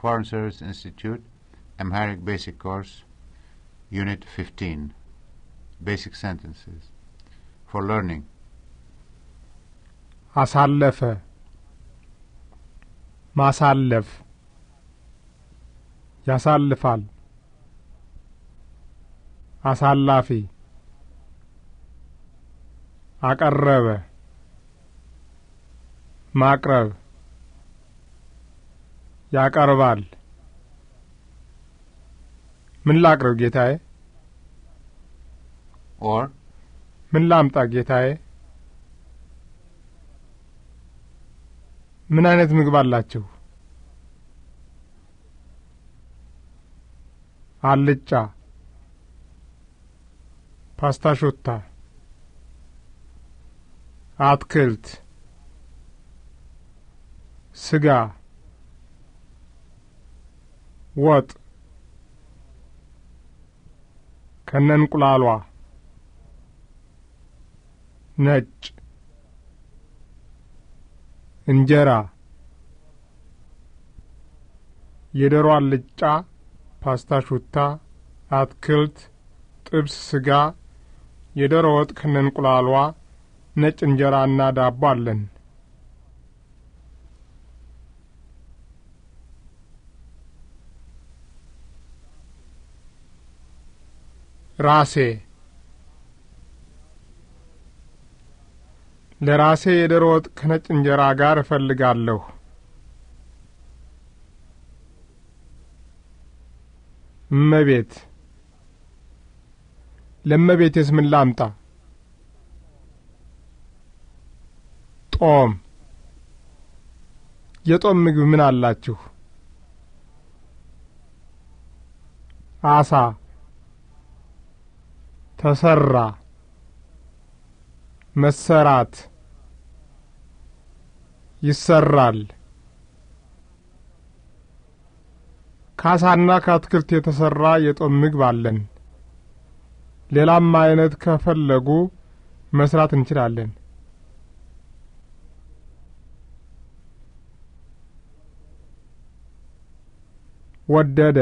Foreign Service Institute, Amharic Basic Course, Unit 15, Basic Sentences, for learning. Asal lefe, lefe, masal Asallafa. Masallaf. Yasallafal. Asallafi. Akarrawa. Makrawa. ያቀርባል። ምን ላቅርብ ጌታዬ? ኦር ምን ላምጣ ጌታዬ? ምን አይነት ምግብ አላችሁ? አልጫ፣ ፓስታ፣ ሾታ፣ አትክልት፣ ስጋ ወጥ ከነንቁላሏ ነጭ እንጀራ የዶሮ አልጫ፣ ፓስታ፣ ሹታ፣ አትክልት፣ ጥብስ ስጋ፣ የዶሮ ወጥ እንቁላሏ ነጭ እንጀራና ዳቦ አለን። ራሴ ለራሴ የዶሮ ወጥ ከነጭ እንጀራ ጋር እፈልጋለሁ። እመቤት ለእመቤቴስ ምን ላምጣ? ጦም የጦም ምግብ ምን አላችሁ? አሳ ተሰራ መሰራት ይሰራል ካሳና ከአትክልት የተሰራ የጦም ምግብ አለን። ሌላም አይነት ከፈለጉ መስራት እንችላለን። ወደደ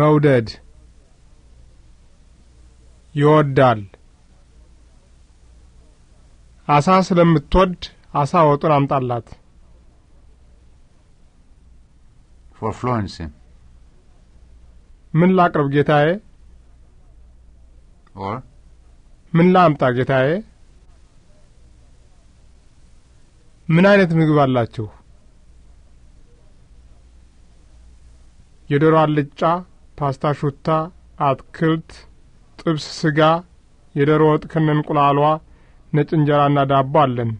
መውደድ ይወዳል። አሳ ስለምትወድ አሳ ወጡን አምጣላት። ፎር ፍሎረንስ ምን ላቅርብ ጌታዬ? ኦር ምን ላምጣ ጌታዬ? ምን አይነት ምግብ አላችሁ? የዶሮ አልጫ፣ ፓስታ፣ ሹታ፣ አትክልት ጥብስ ስጋ፣ የዶሮ ወጥ ከነ እንቁላሏ፣ ነጭ እንጀራና ዳቦ አለን።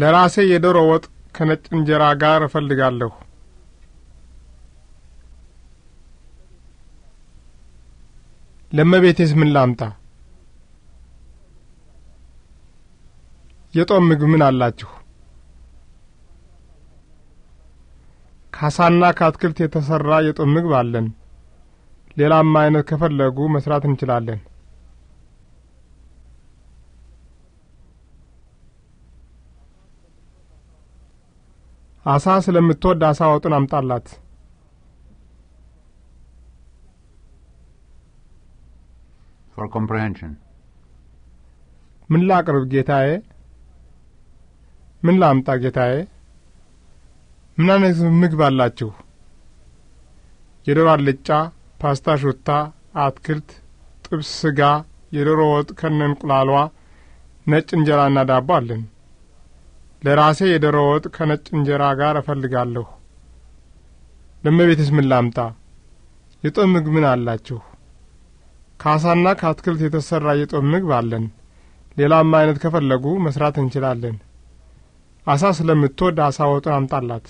ለራሴ የዶሮ ወጥ ከነጭ እንጀራ ጋር እፈልጋለሁ። ለመቤቴስ ምን ላምጣ? የጦም ምግብ ምን አላችሁ? ከአሳና ከአትክልት የተሰራ የጦም ምግብ አለን። ሌላም አይነት ከፈለጉ መስራት እንችላለን። አሳ ስለምትወድ አሳ ወጡን አምጣላት። for ምን ላቅርብ ጌታዬ? ምን ላምጣ ጌታዬ? ምን አይነት ምግብ አላችሁ? የዶሮ አልጫ፣ ፓስታ፣ ሾታ፣ አትክልት፣ ጥብስ ስጋ፣ የዶሮ ወጥ ከነ እንቁላሏ፣ ነጭ እንጀራና ዳቦ አለን። ለራሴ የዶሮ ወጥ ከነጭ እንጀራ ጋር እፈልጋለሁ። ለመቤትስ ምን ላምጣ? የጦም ምግብ ምን አላችሁ? ካሳና ከአትክልት የተሰራ የጦም ምግብ አለን። ሌላም አይነት ከፈለጉ መስራት እንችላለን። አሳ ስለምትወድ አሳ ወጡን አምጣላት።